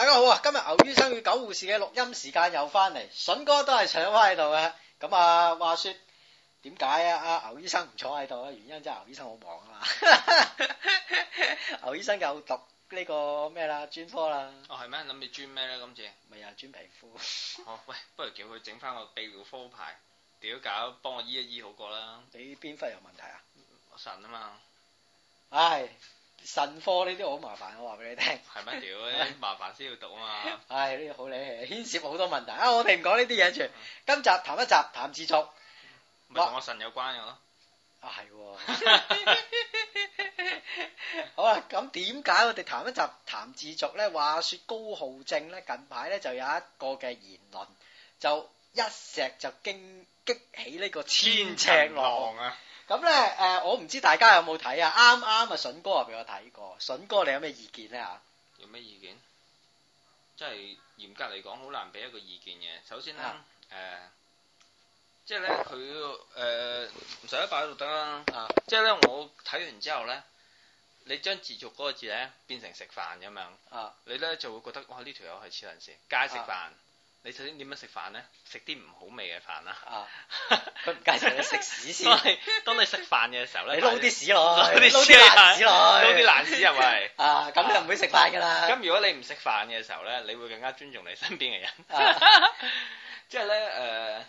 大家好啊！今日牛醫生與狗護士嘅錄音時間又翻嚟，筍哥都係搶翻喺度嘅。咁啊，話說點解啊？牛醫生唔坐喺度啊？原因真係牛醫生好忙啊嘛。 牛醫生又讀呢個咩啦？專科啦。哦，係咩？諗住專咩咧？今次。咪又專皮膚。 哦，喂，不如叫佢整翻個泌尿科牌，屌搞，幫我醫一醫好過啦。你邊忽有問題啊？我神啊嘛。唉、哎。神科呢啲好麻煩，我話俾你聽。係乜屌？ 麻煩先要讀啊嘛。 唉，呢啲好理咧，牽涉好多問題啊！我哋唔講呢啲嘢住，今集談一集談自俗，咪同、嗯、哇我神有關嘅咯。啊係。 好啊，咁點解我哋談一集談自俗咧？話說高浩正咧，近排咧就有一個嘅言論，就一石就驚激起呢個千尺浪啊！咁咧誒，我唔知大家有冇睇啊？啱啱啊，筍哥話俾我睇過，筍哥你有咩意見咧嚇？有咩意見？真係嚴格嚟講，好難俾一個意見嘅。首先咧誒，即係咧佢誒唔使擺喺度得啦。啊！即係咧，即係呃啊、我睇完之後咧，你將自瀆嗰個字咧變成食飯咁樣，啊、你咧就會覺得哇！呢條友係黐撚線，街食飯。啊你首先點樣食飯咧？食啲唔好味嘅飯啦。啊，佢唔介紹你食屎先。 當你食飯嘅時候咧，你撈啲屎落去，撈啲爛屎落去，撈啲爛屎係咪？啊，咁你就唔會食飯噶啦。咁、啊、如果你唔食飯嘅時候咧，你會更加尊重你身邊嘅人。即係咧，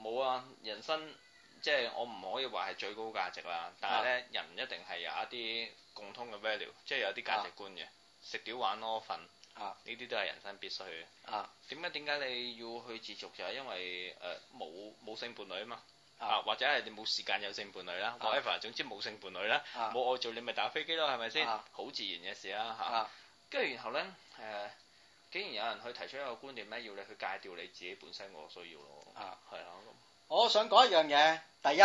誒， 冇、呃、啊！人生即係、就是、我唔可以話係最高價值啦。但係咧，啊、人一定係有一啲共通嘅 value，即係有啲價值觀嘅。啊、食屌玩樂瞓。啊！呢啲都係人生必須啊！點解，點解你要去自瀆？就係因為誒冇冇性伴侶啊嘛啊！或者係你冇時間有性伴侶啦，whatever，總之冇性伴侶啦，冇、啊、我做你咪打飛機咯，係咪先？好、啊、自然嘅事啦、啊、嚇。跟住、啊、然後咧誒、呃，竟然有人去提出一個觀念咩？要你去戒掉你自己本身我需要咯啊！係啊咁。我想講一樣嘢，第一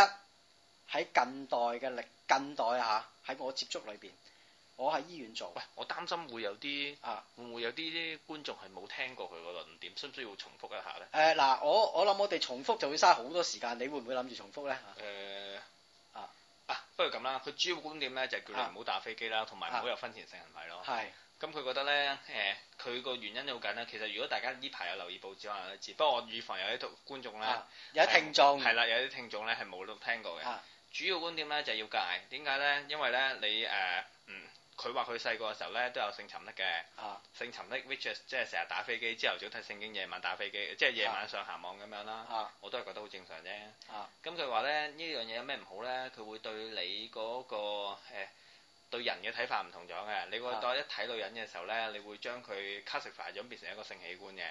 喺近代嘅歷近代啊，喺我接觸裏邊。我喺醫院做。喂，我擔心會有啲會唔會有啲觀眾係冇聽過佢個論點，需唔需要重複一下咧？誒，嗱，我我諗我哋重複就會嘥好多時間，你會唔會諗住重複咧？誒、呃、啊啊！不如咁啦，佢主要觀點咧就係叫你唔好打飛機啦，同埋唔好有婚前性行為咯。係、嗯。咁佢、啊、是覺得咧，誒、呃，佢個原因好緊啦。其實如果大家呢排有留意報紙話，可能都知。不過我預防有啲同觀眾咧、啊，有啲聽眾。係啦，有啲聽眾咧係冇都聽過嘅。啊、主要觀點咧就係要戒。點解咧？因為咧你誒嗯。嗯佢話佢細個嘅時候咧都有性沉溺嘅，啊、性沉溺，which is 即係成日打飛機，朝頭早睇聖經，夜晚打飛機，即係夜晚上，上下網咁樣啦，啊、我都係覺得好正常啫。咁佢話咧呢樣嘢有咩唔好咧？佢會對你嗰、嗰個、欸對人嘅睇法唔同咗嘅、啊，你會當一睇女人嘅時候呢，你會將佢 classify 咗變成一個性器官嘅，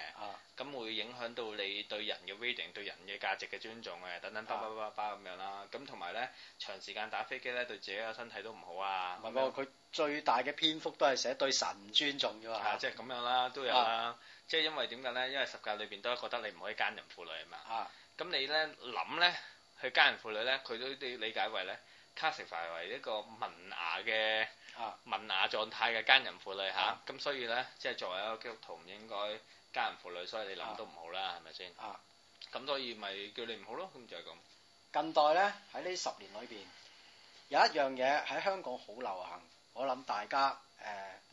咁、啊、會影響到你對人嘅 reading、對人嘅價值嘅尊重嘅等等，巴拉巴拉巴拉咁樣啦。咁同埋呢，長時間打飛機呢，對自己個身體都唔好啊。佢過嗎最大嘅篇幅都係寫對神尊重嘅喎。即係咁樣啦，都有啦，即係、啊、因為點解呢？因為十戒裏邊都覺得你唔可以奸淫婦女啊嘛。啊，咁你呢，諗呢，去奸人婦女呢，佢都理解為呢。卡式化為一個文雅嘅文雅狀態嘅奸人婦女嚇，咁所以咧，即係作為一個基督徒，應該奸人婦女，所以你諗都唔好啦，係咪先？啊！咁所以咪叫你唔好咯，咁就係咁。近代咧，喺呢十年裏邊有一樣嘢喺香港好流行，我諗大家誒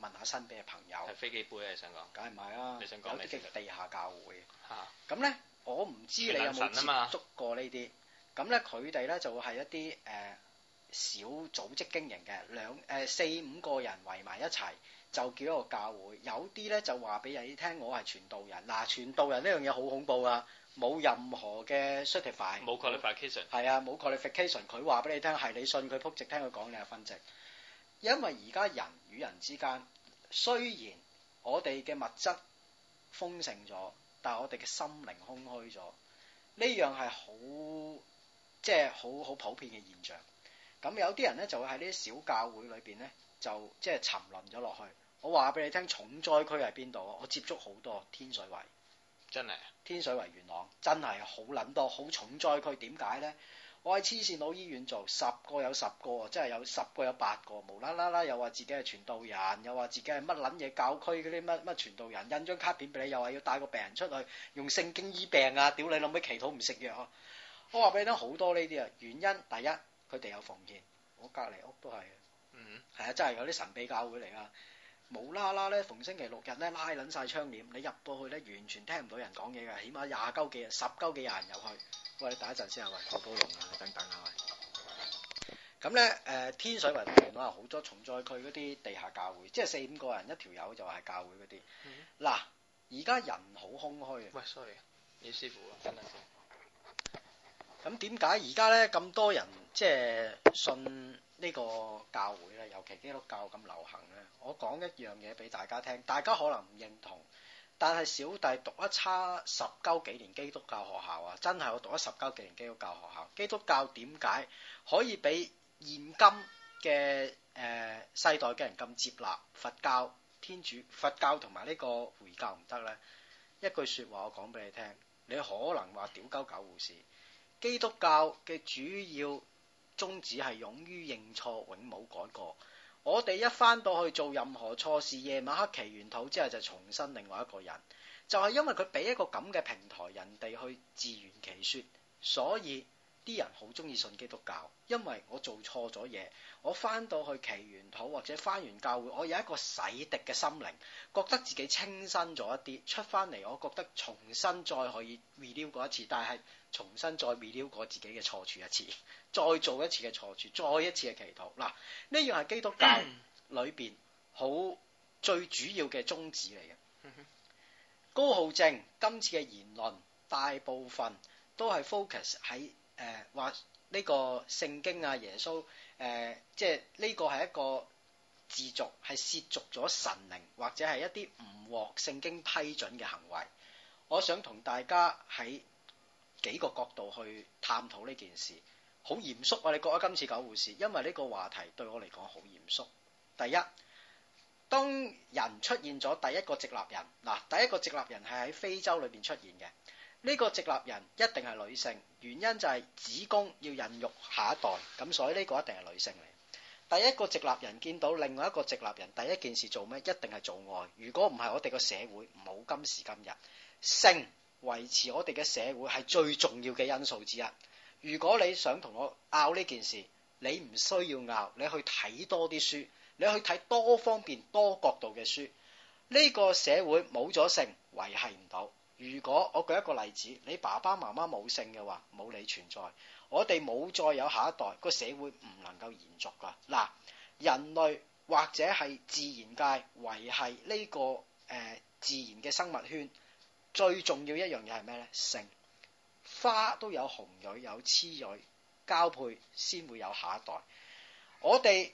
問下身邊嘅朋友，係飛機杯。你想講梗係唔係啊？你想講咩？有啲嘅地下教會嚇，咁咧，我唔知你有冇接觸過呢啲咁咧？佢哋咧就係一啲誒。小組織經營嘅兩誒四五個人圍埋一齊就叫一個教會。有啲咧就話俾人哋聽，我係傳道人嗱。傳道人呢樣嘢好恐怖啊，冇任何嘅 certify 冇 qualification 係啊，冇 qualification。佢話俾你聽係你信佢撲直，聽佢講你係分直。因為而家人與人之間雖然我哋嘅物質豐盛咗，但我哋嘅心靈空虛咗，呢樣係好即係好好普遍嘅現象。咁有啲人咧就會喺呢啲小教會裏邊咧，就即係、就係、沉淪咗落去。我話俾你聽，重災區喺邊度？我接觸好多天水圍，真係的天水圍元朗，真係好撚多好重災區。點解咧？我喺黐線佬醫院做，十個有十個，真係有十個有八個，無啦啦啦又話自己係傳道人，又話自己係乜撚嘢教區嗰啲乜乜傳道人，印張卡片俾你，又話要帶個病人出去用聖經醫病啊！屌你老妹，祈禱唔食藥啊！我話俾你聽，好多呢啲啊，原因第一。第一佢哋有奉獻，我隔離屋都係嗯，係、mm hmm. 啊，真係有啲神秘教會嚟啊！無啦啦咧，逢星期六日咧拉撚晒窗簾，你入到去咧完全聽唔到人講嘢嘅，起碼廿鳩幾十鳩幾廿人入去。喂，你等一陣先啊！喂，好多龍啊！你等等啊！喂，咁咧誒，天水圍嗰邊啊，好多重災區嗰啲地下教會，即係四五個人一條友就係教會嗰啲。嗱、mm，而、hmm. 家、啊、人好空虛。喂，sorry，你師傅啊，真係。咁點解而家咧咁多人即係信呢個教會咧？尤其基督教咁流行咧，我講一樣嘢俾大家聽，大家可能唔認同，但係小弟讀咗差十鳩幾年基督教學校啊，真係我讀咗十鳩幾年基督教學校。基督教點解可以俾現今嘅誒、呃、世代嘅人咁接納？佛教、天主、佛教同埋呢個回教唔得咧？一句説話我講俾你聽，你可能話屌鳩狗護士。基督教嘅主要宗旨係勇於認錯，永冇改過。我哋一翻到去做任何錯事，夜晚黑祈完禱之後就重新另外一個人。就係、是、因為佢俾一個咁嘅平台，人哋去自圓其說，所以啲人好中意信基督教。因為我做錯咗嘢，我翻到去祈完禱或者翻完教會，我有一個洗滌嘅心靈，覺得自己清新咗一啲，出翻嚟我覺得重新再可以 renew 過一次，但係。重新再 review 過自己嘅錯處一次， 再做一次嘅錯處，再一次嘅祈禱。嗱，呢樣係基督教裏邊好最主要嘅宗旨嚟嘅。嗯、哼高浩正今次嘅言論大部分都係 focus 喺，誒、話、呃、呢個聖經啊，耶穌誒、呃，即係呢個係一個自瀆，係褻瀆咗神靈或者係一啲唔獲聖經批准嘅行為。我想同大家喺。幾個角度去探討呢件事，好嚴肅啊！你覺得今次九護士，因為呢個話題對我嚟講好嚴肅。第一，當人出現咗第一個直立人，嗱，第一個直立人係喺非洲裏邊出現嘅。呢個直立人一定係女性，原因就係子宮要孕育下一代，咁所以呢個一定係女性嚟。第一個直立人見到另外一個直立人，第一件事做咩？一定係做愛。如果唔係，我哋個社會冇今時今日。性維持我哋嘅社會係最重要嘅因素之一。如果你想同我拗呢件事，你唔需要拗，你去睇多啲書，你去睇多方面多角度嘅書。呢個社會冇咗性維繫唔到。如果我舉一個例子，你爸爸媽媽冇性嘅話，冇你存在，我哋冇再有下一代，個社會唔能夠延續㗎。嗱，人類或者係自然界維繫呢個誒、呃、自然嘅生物圈。最重要一樣嘢係咩咧？性花都有雄蕊有雌蕊交配先會有下一代。我哋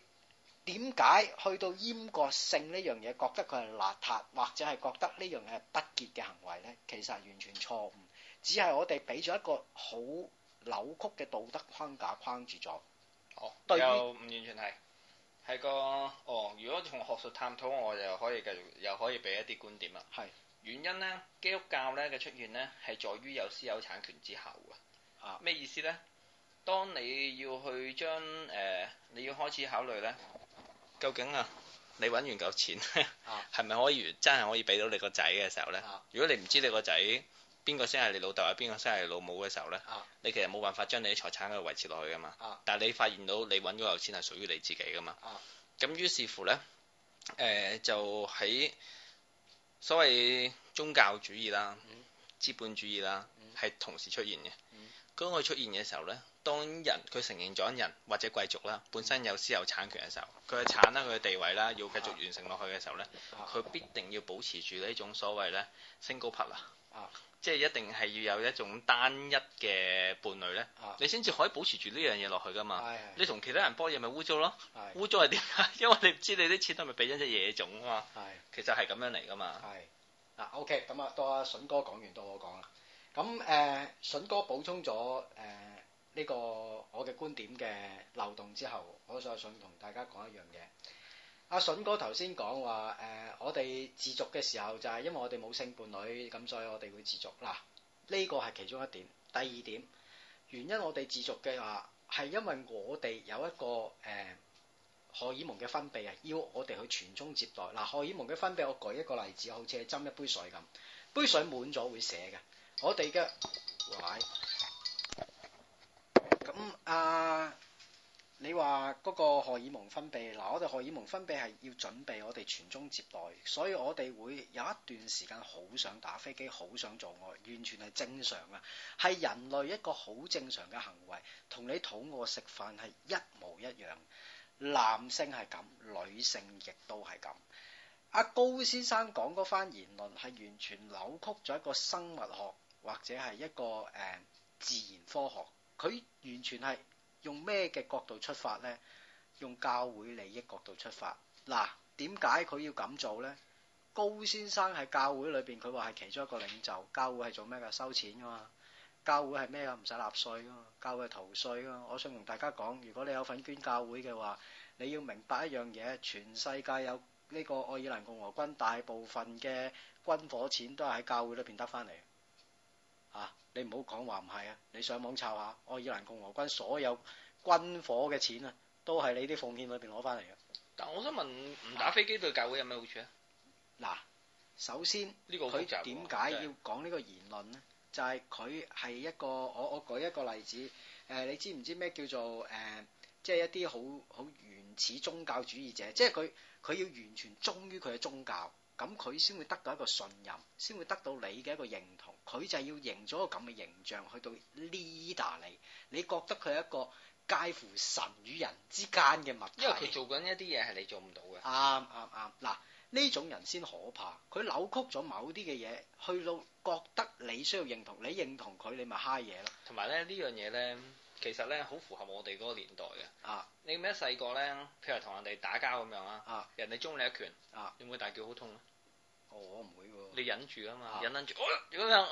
點解去到厭惡性呢樣嘢，覺得佢係邋遢或者係覺得呢樣嘢係不潔嘅行為咧？其實係完全錯誤，只係我哋俾咗一個好扭曲嘅道德框架框住咗。哦，對於又唔完全係係個哦。如果從學術探討，我又可以繼續又可以俾一啲觀點啦。係。原因呢，基督教咧嘅出現呢，係在於有私有產權之後啊。咩意思呢？當你要去將誒，你要開始考慮呢，究竟啊，你揾完嚿錢，係咪可以真係可以俾到你個仔嘅時候呢？如果你唔知你個仔邊個先係你老豆啊，邊個先係你老母嘅時候呢，你其實冇辦法將你啲財產去維持落去噶嘛。但係你發現到你揾嗰嚿錢係屬於你自己噶嘛。咁於是乎呢，誒就喺。所謂宗教主義啦、嗯、資本主義啦，係、嗯、同時出現嘅。嗯、當佢出現嘅時候呢，當人佢承認咗人或者貴族啦，本身有私有產權嘅時候，佢嘅產啦、佢嘅地位啦，要繼續完成落去嘅時候呢，佢必定要保持住呢種所謂呢升高匹啦。即係一定係要有一種單一嘅伴侶咧，啊、你先至可以保持住呢樣嘢落去噶嘛。你同其他人扑嘢咪污糟咯，污糟係點？ 因為你唔知你啲錢都係咪俾咗隻野種啊是嘛。其實係咁樣嚟噶嘛。啊，OK，咁啊，到阿筍哥講完講，到我講啦。咁、呃、誒，筍哥補充咗誒呢個我嘅觀點嘅漏洞之後，我再想同大家講一樣嘢。阿筍、啊、哥頭先講話，誒、呃、我哋自瀆嘅時候就係因為我哋冇性伴侶，咁所以我哋會自瀆。嗱，呢、這個係其中一點。第二點原因我，我哋自瀆嘅話係因為我哋有一個誒、呃、荷爾蒙嘅分泌係要我哋去傳宗接代。嗱，荷爾蒙嘅分泌，我舉一個例子，好似係斟一杯水咁，杯水滿咗會瀉嘅。我哋嘅，喂，咁阿。你話嗰個荷爾蒙分泌嗱，我哋荷爾蒙分泌係要準備我哋傳宗接代，所以我哋會有一段時間好想打飛機，好想做愛，完全係正常啊，係人類一個好正常嘅行為，同你肚餓食飯係一模一樣。男性係咁，女性亦都係咁。阿高先生講嗰番言論係完全扭曲咗一個生物學，或者係一個誒自然科學，佢完全係。用咩嘅角度出發呢？用教會利益角度出發。嗱，點解佢要咁做呢？高先生喺教會裏邊，佢話係其中一個領袖。教會係做咩噶？收錢噶嘛。教會係咩啊？唔使納稅噶嘛。教會係逃稅噶嘛。我想同大家講，如果你有份捐教會嘅話，你要明白一樣嘢，全世界有呢個愛爾蘭共和軍大部分嘅軍火錢都係喺教會裏邊得翻嚟。嚇、啊！你唔好講話唔係啊！你上網抄下，愛爾蘭共和軍所有軍火嘅錢啊，都係你啲奉獻裏邊攞翻嚟嘅。但我想問，唔打飛機對教會有咩好處啊？嗱，首先呢佢點解要講呢個言論咧？就係佢係一個我我舉一個例子，誒、呃、你知唔知咩叫做誒？即、呃、係、就是、一啲好好原始宗教主義者，即係佢佢要完全忠於佢嘅宗教。咁佢先會得到一個信任，先會得到你嘅一個認同。佢就係要營咗個咁嘅形象去到 leader 你，你覺得佢係一個介乎神與人之間嘅物體。因為佢做緊一啲嘢係你做唔到嘅。啱啱啱。嗱、嗯、呢、嗯、種人先可怕，佢扭曲咗某啲嘅嘢，去到覺得你需要認同，你認同佢，你咪嗨嘢咯。同埋咧，呢樣嘢咧，其實咧好符合我哋嗰個年代嘅。啊。你咩細個咧？譬如同人哋打交咁樣啊，人哋中你一拳啊，會唔會大叫好痛咧？我唔會喎，你忍住啊嘛，忍忍住，如果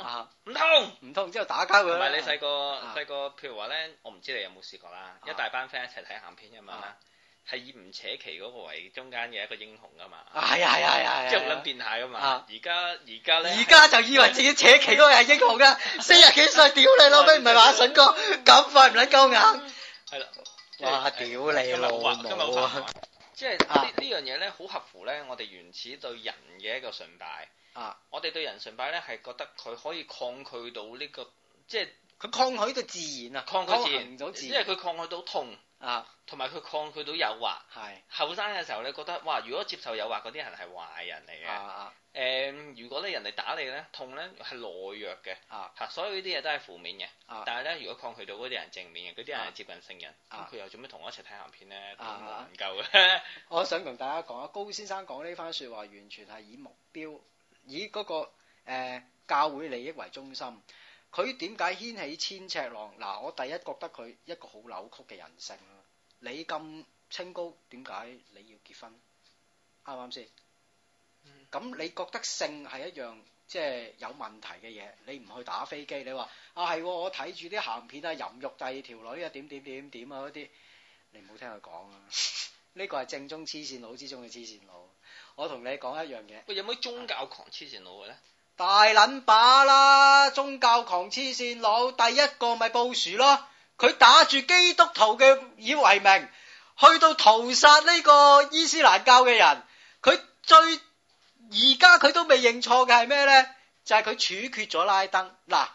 唔痛，唔痛，之後打交佢唔係你細個細個，譬如話咧，我唔知你有冇試過啦，一大班 friend 一齊睇鹹片啊嘛，係以唔扯旗嗰個為中間嘅一個英雄噶嘛。係啊係啊係啊，即係唔諗變態噶嘛。而家而家咧，而家就以為自己扯旗嗰個係英雄噶，四廿幾歲屌你老味，唔係話阿筍哥咁快唔捻夠硬。係啦，哇！屌你老母啊！即係、啊、呢呢樣嘢咧，好合乎咧我哋原始對人嘅一個崇拜。啊，我哋對人崇拜咧係覺得佢可以抗拒到呢、這個，即係佢抗拒到自然啊，抗拒到自然，因為佢抗拒到痛啊，同埋佢抗拒到誘惑。係後生嘅時候咧，你覺得嘩！如果接受誘惑嗰啲人係壞人嚟嘅。啊啊誒、嗯，如果咧人哋打你咧，痛咧係懦弱嘅，嚇、啊，所有、啊、呢啲嘢都係負面嘅。但係咧，如果抗拒到嗰啲人正面嘅，嗰啲人係接近聖人，咁佢、啊啊啊、又做咩同我一齊睇咸片咧？都唔夠嘅。啊、 我想同大家講啊，高先生講呢番説話，完全係以目標，以嗰、嗰個、呃、教會利益為中心。佢點解掀起千尺浪？嗱，我第一覺得佢一個好扭曲嘅人性。你咁清高，點解你要結婚？啱唔啱先？咁你覺得性係一樣即係有問題嘅嘢？你唔去打飛機，你話啊係我睇住啲咸片啊，淫欲第二條女啊，點點點點啊嗰啲，你唔好聽佢講啊！呢個係正宗黐線佬之中嘅黐線佬。我同你講一樣嘢。喂，有冇啲宗教狂黐線佬嘅咧？大捻把啦，宗教狂黐線佬，第一個咪布殊咯，佢打住基督徒嘅以為名，去到屠殺呢個伊斯蘭教嘅人，佢最。而家佢都未認錯嘅係咩咧？就係、是、佢處決咗拉登。嗱，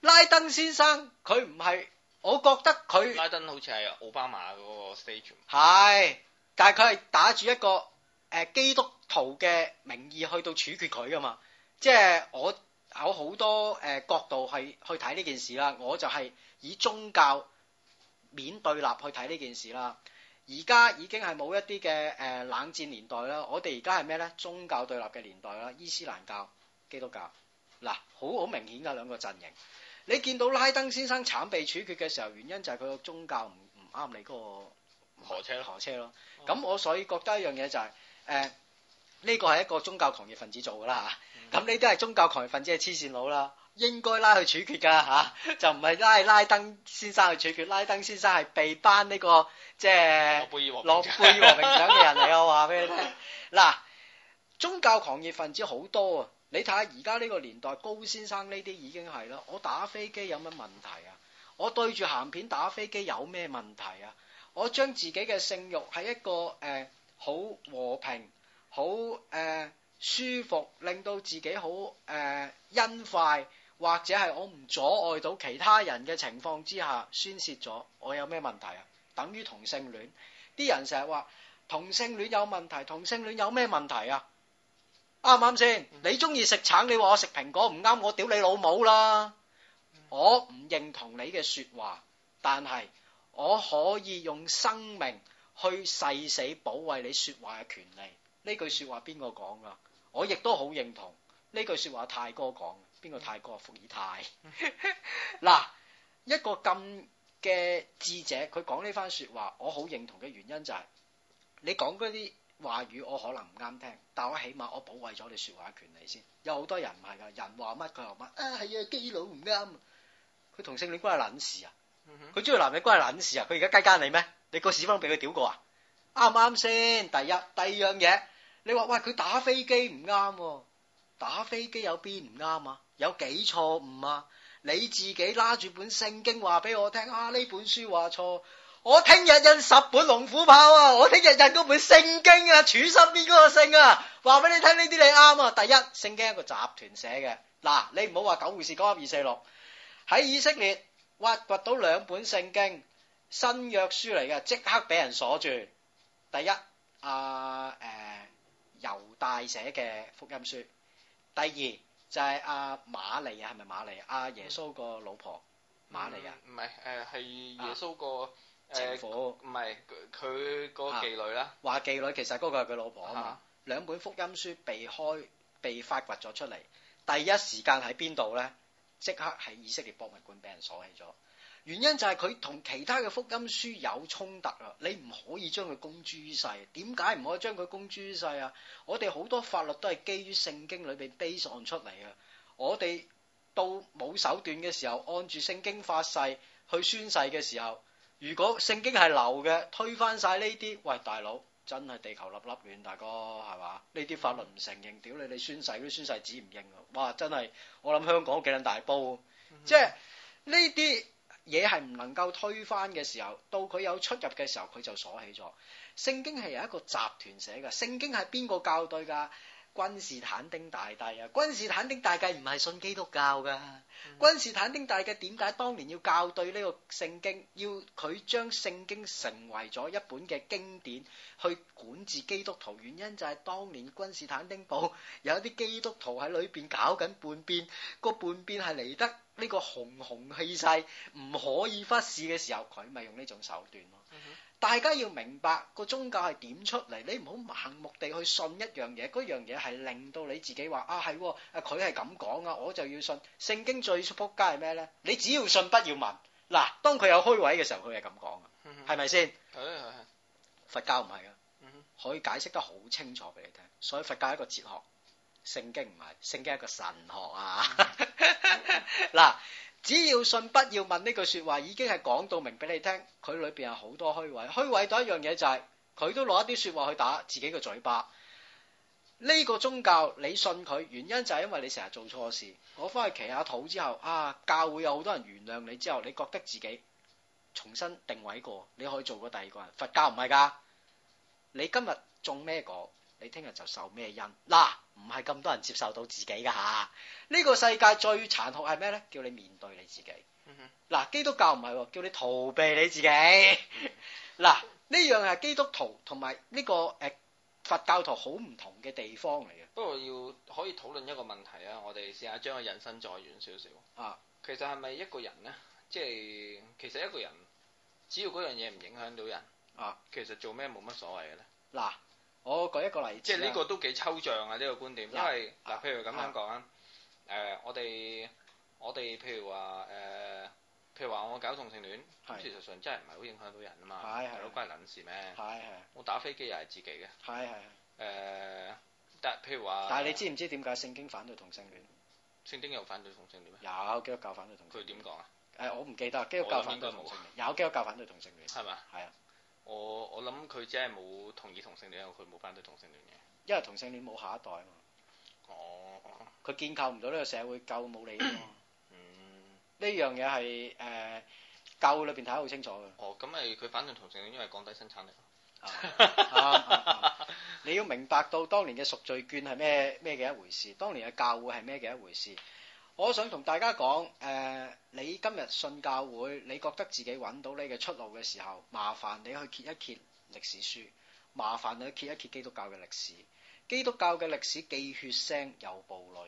拉登先生佢唔係，我覺得佢拉登好似係奧巴馬嗰個 stage。係，但係佢係打住一個誒、呃、基督徒嘅名義去到處決佢㗎嘛。即係我有好多誒、呃、角度係去睇呢件事啦。我就係以宗教面對立去睇呢件事啦。而家已經係冇一啲嘅誒冷戰年代啦，我哋而家係咩咧？宗教對立嘅年代啦，伊斯蘭教、基督教，嗱，好好明顯噶兩個陣營。你見到拉登先生慘被處決嘅時候，原因就係佢個宗教唔唔啱你嗰、那個，何車啦何車咯。咁車、哦、我所以覺得一樣嘢就係、是、誒，呢、呃這個係一個宗教狂熱分子做噶啦嚇，咁呢啲係宗教狂熱分子嘅黐線佬啦。應該拉去處決㗎嚇、啊，就唔係拉拉登先生去處決，拉登先生係被班呢、這個即係諾貝爾諾貝爾和平獎嘅 人嚟，我話俾你聽。嗱、啊，宗教狂熱分子好多啊，你睇下而家呢個年代，高先生呢啲已經係啦。我打飛機有乜問題啊？我對住鹹片打飛機有咩問題啊？我將自己嘅性慾喺一個誒好、呃、和平、好誒、呃、舒服，令到自己好誒、呃、欣快。或者係我唔阻礙到其他人嘅情況之下，宣洩咗我有咩問題啊？等於同性戀，啲人成日話同性戀有問題，同性戀有咩問題啊？啱唔啱先？嗯、你中意食橙，你話我食蘋果唔啱，我屌你老母啦！嗯、我唔認同你嘅說話，但係我可以用生命去誓死保衛你說話嘅權利。呢句說話邊個講噶？我亦都好認同呢句說話，泰哥講。邊個泰國福爾泰？嗱， 一個咁嘅智者，佢講呢番說話，我好認同嘅原因就係、是，你講嗰啲話語，我可能唔啱聽，但我起碼我保衛咗你說話嘅權利先。有好多人唔係噶，人話乜佢話乜啊？係啊基佬唔啱，佢同性戀關係捻事啊？佢中意男人關係捻事啊？佢而家雞奸你咩？你個屎忽俾佢屌過啊？啱唔啱先？第一，第二樣嘢，你話喂佢打飛機唔啱。打飛機有邊唔啱啊？有幾錯誤啊？你自己拉住本聖經話俾我聽啊！呢本書話錯，我聽日印十本龍虎豹啊！我聽日印嗰本聖經啊，處身邊嗰個聖啊，話俾你聽呢啲你啱啊！第一，聖經係一個集團寫嘅嗱，你唔好話九護士講一二四六喺以色列挖掘到兩本聖經新約書嚟嘅，即刻俾人鎖住。第一啊，誒、呃，猶、呃，大寫嘅福音書。第二就係阿瑪麗啊，係咪瑪麗阿、啊、耶穌個老婆瑪利、嗯、啊？唔係誒，係耶穌個情婦，唔係佢個妓女啦。話、啊、妓女其實嗰個係佢老婆啊嘛。啊，兩本福音書被開被發掘咗出嚟，第一時間喺邊度咧？即刻喺以色列博物館俾人鎖起咗。原因就係佢同其他嘅福音書有衝突啊！你唔可以將佢公諸於世，點解唔可以將佢公諸於世啊？我哋好多法律都係基於聖經裏邊 basis 出嚟嘅。我哋到冇手段嘅時候，按住聖經發誓去宣誓嘅時候，如果聖經係流嘅，推翻晒呢啲，喂大佬，真係地球立立亂，大哥係嘛？呢啲法律唔承認，屌你你宣誓，啲宣誓紙唔認啊！哇，真係我諗香港幾捻大煲，mm hmm. 即係呢啲。嘢係唔能夠推翻嘅時候，到佢有出入嘅時候，佢就鎖起咗。聖經係由一個集團寫嘅，聖經係邊個校對㗎？君士坦丁大帝啊，君士坦丁大帝唔係信基督教噶，嗯、君士坦丁大帝點解當年要校對呢個聖經，要佢將聖經成為咗一本嘅經典去管治基督徒？原因就係當年君士坦丁堡有一啲基督徒喺裏邊搞緊叛變，半變個叛變係嚟得呢個洶洶氣勢唔可以忽視嘅時候，佢咪用呢種手段咯。嗯大家要明白個宗教係點出嚟，你唔好盲目地去信一樣嘢，嗰樣嘢係令到你自己話啊係，佢係咁講啊，我就要信。聖經最出仆街係咩呢？你只要信不要問。嗱，當佢有虛位嘅時候，佢係咁講噶，係咪先？係係係。佛教唔係啊，可以解釋得好清楚俾你聽，所以佛教係一個哲學，聖經唔係，聖經係一個神學啊。嗱。 只要信不要問呢句說話，已經係講到明俾你聽，佢裏邊有好多虛偽。虛偽到一樣嘢就係，佢都攞一啲說話去打自己嘅嘴巴。呢個宗教你信佢，原因就係因為你成日做錯事，我翻去祈下禱之後啊，教會有好多人原諒你之後，你覺得自己重新定位過，你可以做過第二個人。佛教唔係噶，你今日種咩果，你聽日就受咩因。嗱。唔係咁多人接受到自己㗎吓，呢、這個世界最殘酷係咩呢？叫你面對你自己。嗱、嗯哼，基督教唔係，叫你逃避你自己。嗱、嗯，呢 樣係基督徒同埋呢個誒、呃、佛教徒好唔同嘅地方嚟嘅。不過要可以討論一個問題試試啊，我哋試下將佢引申再遠少少。啊，其實係咪一個人呢？即係其實一個人，只要嗰樣嘢唔影響到人，啊，其實做咩冇乜所謂嘅咧？嗱、啊。我舉一個例子，即係呢個都幾抽象啊！呢個觀點，因為嗱，譬如咁樣講啊，誒，我哋我哋譬如話誒，譬如話我搞同性戀，咁事實上真係唔係好影響到人啊嘛，唔係好關緊事咩？係係，我打飛機又係自己嘅，係係，誒，但係譬如話，但係你知唔知點解聖經反對同性戀？聖經又反對同性戀咩？有基督教反對同性，佢點講啊？誒，我唔記得，基督教反對同性戀，有基督教反對同性戀，係咪？係啊。我我諗佢只係冇同意同性戀，因為佢冇反對同性戀嘅。因為同性戀冇下一代啊嘛。哦。佢建構唔到呢個社會，會，夠冇理。嗯。呢樣嘢係誒教會裏邊睇得好清楚嘅。哦，咁咪佢反對同性戀，因為降低生產力。你要明白到當年嘅贖罪券係咩咩嘅一回事，當年嘅教會係咩嘅一回事。我想同大家講，誒、呃，你今日信教會，你覺得自己揾到你嘅出路嘅時候，麻煩你去揭一揭歷史書，麻煩你去揭一揭基督教嘅歷史。基督教嘅歷史既血腥又暴戾，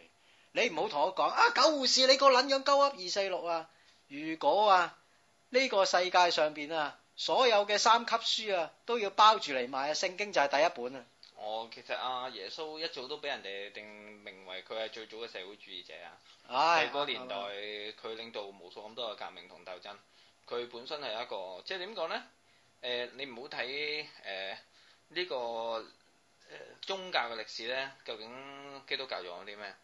你唔好同我講啊！狗護士，你個撚樣鳩噏二四六啊！如果啊，呢、這個世界上邊啊，所有嘅三級書啊，都要包住嚟賣啊，聖經就係第一本啊！我、哦、其實阿、啊、耶穌一早都俾人哋定名為佢係最早嘅社會主義者啊！喺嗰、哎、呀年代，佢、哎、呀領導無數咁多嘅革命同鬥爭。佢本身係一個即係點講呢？誒、呃，你唔好睇誒呢個、呃、宗教嘅歷史呢，究竟基督教做緊啲咩？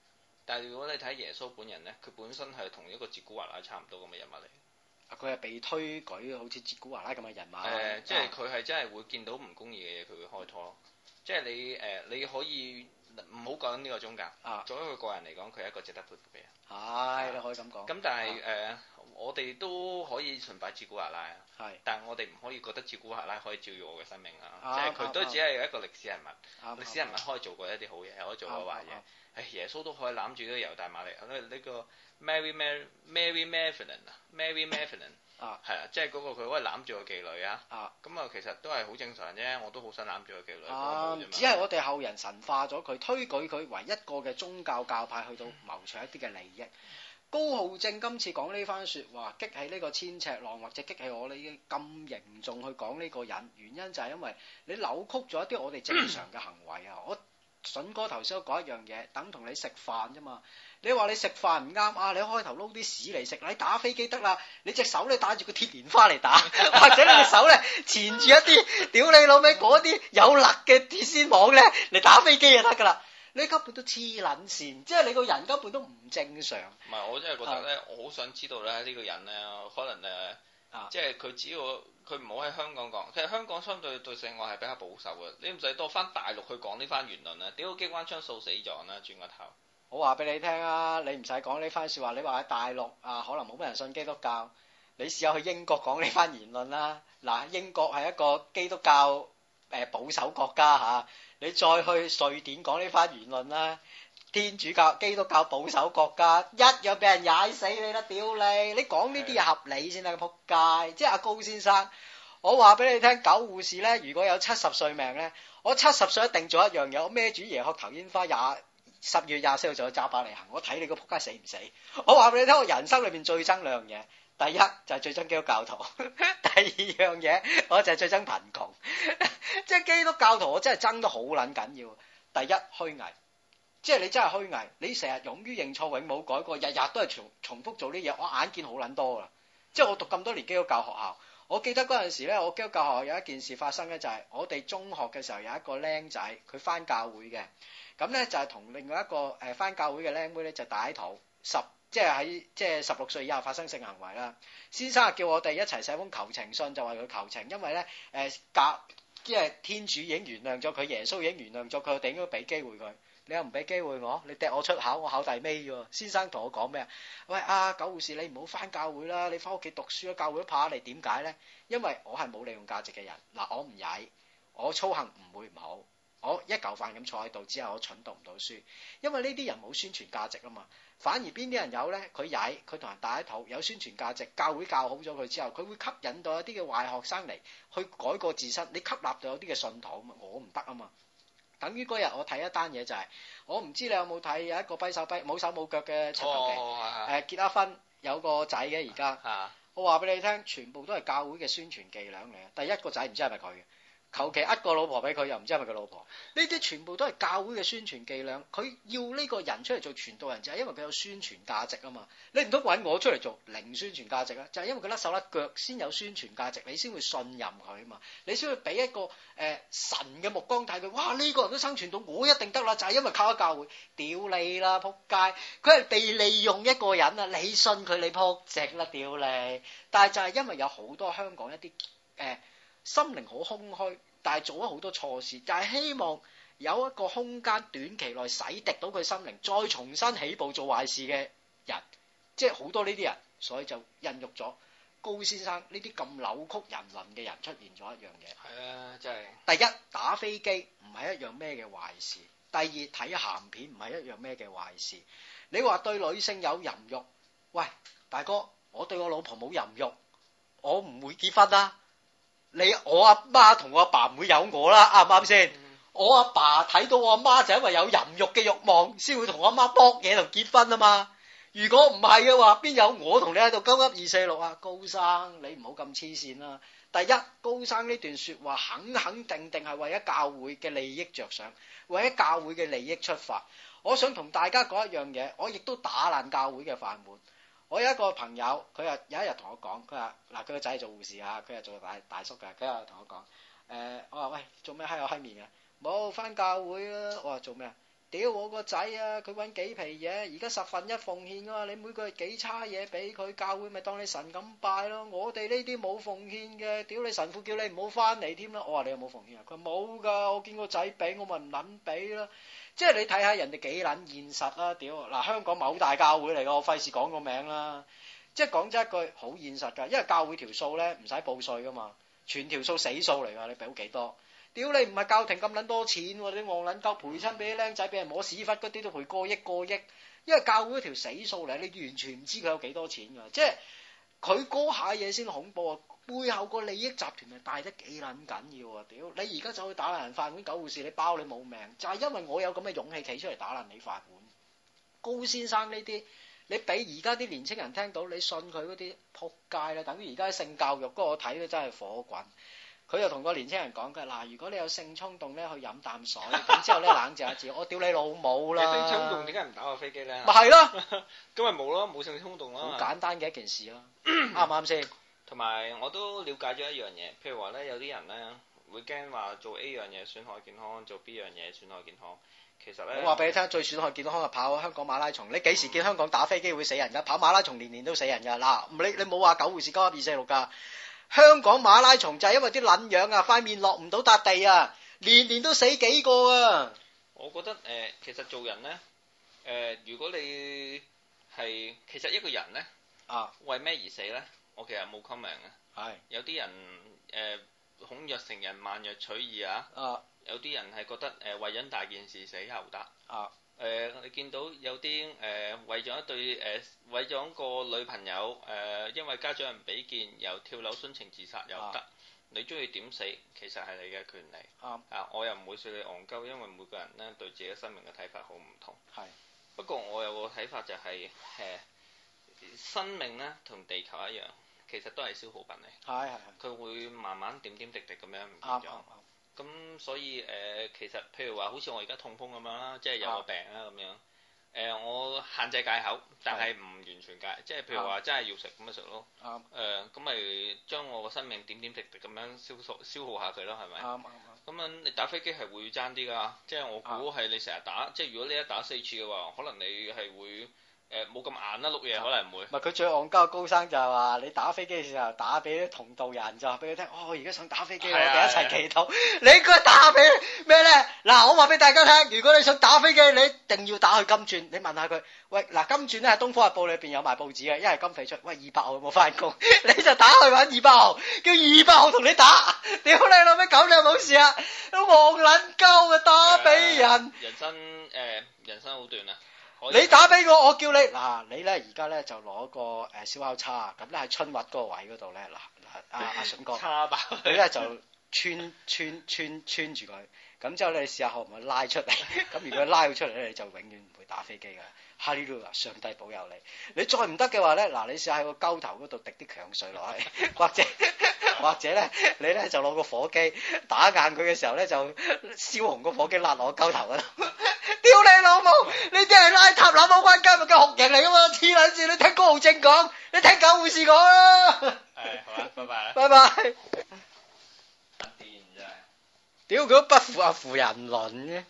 但係如果你睇耶穌本人呢，佢本身係同一個哲古華拉差唔多咁嘅人物嚟、啊。佢係被推舉好似哲古華拉咁嘅人物。哎、呀即係佢係真係會見到唔公義嘅嘢，佢會開拖。即係你誒，你可以唔好講呢個宗教。啊，作為佢個人嚟講，佢係一個值得佩服嘅人。係，你可以咁講。咁但係誒，我哋都可以崇拜朱古華拉啊。係。但係我哋唔可以覺得朱古華拉可以照耀我嘅生命啊。即係佢都只係一個歷史人物。歷史人物可以做過一啲好嘢，又可以做過壞嘢。係耶穌都可以攬住呢個猶大瑪利。呢個 Mary Mary Mary Magdalene 啊，Mary Magdalene 啊，係啊，即係嗰個佢可以攬住個妓女啊，咁啊，其實都係好正常啫，我都好想攬住個妓女。啊，只係我哋後人神化咗佢，推舉佢為一個嘅宗教教派去到謀取一啲嘅利益。嗯、高浩正今次講呢番說話，激起呢個千尺浪，或者激起我哋已經咁凝重去講呢個人，原因就係因為你扭曲咗一啲我哋正常嘅行為啊，嗯、我。筍哥頭先我講一樣嘢，等同你食飯啫嘛！你話你食飯唔啱啊！你開頭撈啲屎嚟食，你打飛機得啦！你隻手咧帶住個鐵蓮花嚟打， 或者你隻手咧纏住一啲屌你老味嗰啲有力嘅鐵絲網咧嚟打飛機就得噶啦！你根本都黐撚線，即係你個人根本都唔正常。唔係， 我真係覺得咧，我好想知道咧呢、這個人咧，可能咧。即係佢只要佢唔好喺香港講，其實香港相對對性愛係比較保守嘅，你唔使多翻大陸去講呢番言論啦。屌機關槍掃死咗啦，轉個頭。我話俾你聽啊，你唔使講呢番說話。你話喺大陸啊，可能冇咩人信基督教。你試下去英國講呢番言論啦。嗱，英國係一個基督教誒保守國家吓，你再去瑞典講呢番言論啦。天主教、基督教保守國家 一樣俾人踩死你啦！你屌你，你講呢啲合理先啦，仆街！即係阿高先生，我話俾你聽，狗護士咧，如果有七十歲命咧，我七十歲一定做一樣嘢，我孭住椰殼投煙花廿十,十月廿四號就揸把嚟行，我睇你個仆街死唔死！我話俾你聽，我人生裏面最憎兩樣嘢，第一就係、是、最憎基督教徒， 第二樣嘢我就係最憎貧窮。 即係基督教徒，我真係憎得好捻緊要。第一虛偽。即係你真係虛偽，你成日勇於認錯，永冇改過，日日都係重重複做啲嘢。我眼見好撚多啦，即係我讀咁多年基督教學校，我記得嗰陣時咧，我基督教學校有一件事發生咧，就係、是、我哋中學嘅時候有一個僆仔，佢翻教會嘅咁咧，就係、是、同另外一個誒翻、呃、教會嘅僆妹咧就帶頭十即係喺即係十六歲以下發生性行為啦。先生叫我哋一齊寫一封求情信，就話佢求情，因為咧誒教即係天主已經原諒咗佢，耶穌已經原諒咗佢，我哋應該俾機會佢。你又唔俾機會我，你踢我出校，我考大尾喎。先生同我講咩？喂，啊，狗護士，你唔好返教會啦，你返屋企讀書啦。教會都怕你，點解咧？因為我係冇利用價值嘅人。嗱，我唔曳，我操行唔會唔好，我一嚿飯咁坐喺度之後，我蠢讀唔到書。因為呢啲人冇宣傳價值啊嘛。反而邊啲人有咧？佢曳，佢同人打喺度，有宣傳價值。教會教好咗佢之後，佢會吸引到一啲嘅壞學生嚟去改過自新。你吸納到有啲嘅信徒啊嘛，我唔得啊嘛。等於嗰日我睇一單嘢，就係，我唔知你有冇睇有，有一個跛手跛冇手冇腳嘅基督徒，誒結咗婚有個仔嘅而家。啊啊、我話俾你聽，全部都係教會嘅宣傳伎倆嚟啊！第一個仔唔知係咪佢嘅。求其呃個老婆俾佢，又唔知係咪佢老婆？呢啲全部都係教會嘅宣傳伎倆。佢要呢個人出嚟做傳道人，就係因為佢有宣傳價值啊嘛。你唔通搵我出嚟做零宣傳價值啊？就係因為佢甩手甩腳先有宣傳價值，你先會信任佢啊嘛。你先會俾一個誒、呃、神嘅目光睇佢，哇！呢個人都生存到，我一定得啦。就係因為靠咗教會，屌你啦扑街！佢係被利用一個人啊，你信佢你扑直啦屌你！但係就係因為有好多香港一啲誒、呃、心靈好空虛。但係做咗好多錯事，但係希望有一個空間短期內洗滌到佢心靈，再重新起步做壞事嘅人，即係好多呢啲人，所以就孕育咗高先生呢啲咁扭曲人倫嘅人出現咗一樣嘢。係啊，即係。第一打飛機唔係一樣咩嘅壞事，第二睇咸片唔係一樣咩嘅壞事。你話對女性有淫欲，喂，大哥，我對我老婆冇淫欲，我唔會結婚啦。你我阿媽同我阿爸唔會有我啦，啱唔啱先？嗯、我阿爸睇到我阿媽就因為有淫欲嘅欲望，先會同我阿媽搏嘢同結婚啊嘛。如果唔係嘅話，邊有我同你喺度勾一二四六啊？高生，你唔好咁黐線啦。第一，高生呢段說話肯肯定定係為咗教會嘅利益着想，為咗教會嘅利益出發。我想同大家講一樣嘢，我亦都打爛教會嘅飯碗。我有一個朋友，佢又有一日同我講，佢話嗱，佢個仔做護士啊，佢又做大大叔㗎，佢又同我講，誒、呃、我話喂，做咩閪我閪面啊？冇翻教會啊，我話做咩啊？屌，我個仔啊！佢搵幾皮嘢？而家十分一奉獻噶嘛？你每個月幾差嘢俾佢教會咪當你神咁拜咯？我哋呢啲冇奉獻嘅，屌你神父叫你唔好翻嚟添啦！我話你有冇奉獻啊？佢冇噶，我見個仔俾我咪唔捻俾咯。即係你睇下人哋幾捻現實啊！屌，嗱，香港某大教會嚟噶，我費事講個名啦。即係講真一句好現實噶，因為教會條數咧唔使報稅噶嘛，全條數死數嚟噶，你俾幾多？屌你唔係教廷咁捻多錢、啊，你戇捻鳩賠親俾啲僆仔俾人摸屎忽嗰啲都賠過億過億，因為教會一條死數嚟，你完全唔知佢有幾多錢噶、啊，即係佢嗰下嘢先恐怖啊！背後個利益集團咪大得幾捻緊要啊！屌你而家走去打爛人飯碗狗護士，你包你冇命！就係、是、因為我有咁嘅勇氣企出嚟打爛你飯碗，高先生呢啲你俾而家啲年青人聽到，你信佢嗰啲扑街啦！等於而家性教育嗰我睇咧真係火滾。佢又同個年青人講：佢嗱，如果你有性衝動咧，去飲啖水。之後咧冷靜一次，我屌你老母啦、嗯！性衝動點解唔打我飛機咧？咪係咯， 今日冇咯，冇性衝動咯。好簡單嘅一件事啦、啊，啱唔啱先？同 埋喉我都了解咗一樣嘢，譬如話咧，有啲人咧會驚話做 A 樣嘢損害健康，做 B 樣嘢損害健康。其實咧，我話俾你聽，就最損害健康嘅跑香港馬拉松，你幾時見香港打飛機會死人噶？嗯、跑馬拉松年年都死人噶。嗱，你你冇話九回事高一二四六噶。香港馬拉松就係因為啲撚樣啊，塊面落唔到笪地啊，年年都死幾個啊！我覺得誒、呃，其實做人呢，誒、呃，如果你係其實一個人呢，啊，為咩而死呢？我其實冇 comment 啊。係是有啲人誒，恐、呃、若成人，慢若取義啊，啊，有啲人係覺得誒、呃，為因大件事死又得啊。誒，我、呃、見到有啲誒、呃，為咗一對誒、呃，為咗個女朋友誒、呃，因為家長人唔俾見，又跳樓殉情自殺又得，啊、你中意點死，其實係你嘅權利。啊，啊，我又唔會說你戇鳩，因為每個人呢，對自己生命嘅睇法好唔同。係。是的 不過我有個睇法就係、是，誒，生命呢，同地球一樣，其實都係消耗品嚟。係係。佢會慢慢點點滴滴咁樣唔見咗。變咁、嗯、所以誒、呃，其實譬如話，好似我而家痛風咁樣啦，即係有個病啦咁、啊、樣。誒、呃，我限制戒口，但係唔完全戒，啊、即係譬如話真係要食咁咪食咯。啱。咁咪、啊呃、將我個生命點點滴滴咁樣消耗消耗下佢咯，係咪？啱啱。咁樣你打飛機係會爭啲㗎，即係我估係你成日打，啊、即係如果你一打四次嘅話，可能你係會。誒，冇咁硬啦，碌嘢可能唔會。唔係佢最戇鳩嘅高生就係話，你打飛機嘅時候打俾啲同道人，就話俾佢聽，哦，我而家想打飛機，我哋一齊祈禱。你估佢打俾咩咧？嗱，我話俾大家聽，如果你想打飛機，你一定要打去金鑽。你問下佢，喂，嗱、啊，金鑽咧喺《東方日報》裏邊有埋報紙嘅，一係金肥出，喂，二百號有冇翻工， 你就打去玩二百號，叫二百號同你打。屌你老咩咁你有冇事啊？都戇捻鳩嘅打俾人、啊。人生誒，人生好短啊！你打俾我，我叫你嗱，你咧而家咧就攞個誒、呃、燒烤叉，咁咧喺春滑嗰個位嗰度咧嗱嗱，阿阿順哥， 你咧就穿穿穿穿住佢，咁之後咧你試下可唔可以拉出嚟，咁如果拉咗出嚟咧， 你就永遠唔會打飛機㗎。係啦，上帝保佑你。你再唔得嘅話咧，嗱，你試下喺個溝頭嗰度滴啲強水落去 或，或者或者咧，你咧就攞個火機打硬佢嘅時候咧就燒紅個火機辣落個溝頭嗰度。屌 你老母！你啲係拉塔林冇關雞咪叫酷刑嚟噶嘛？黐撚線！你聽高浩正講，你聽狗護士講啦，啊 哎。好啦，拜拜。 拜拜。癲真屌佢都不符啊符人倫嘅。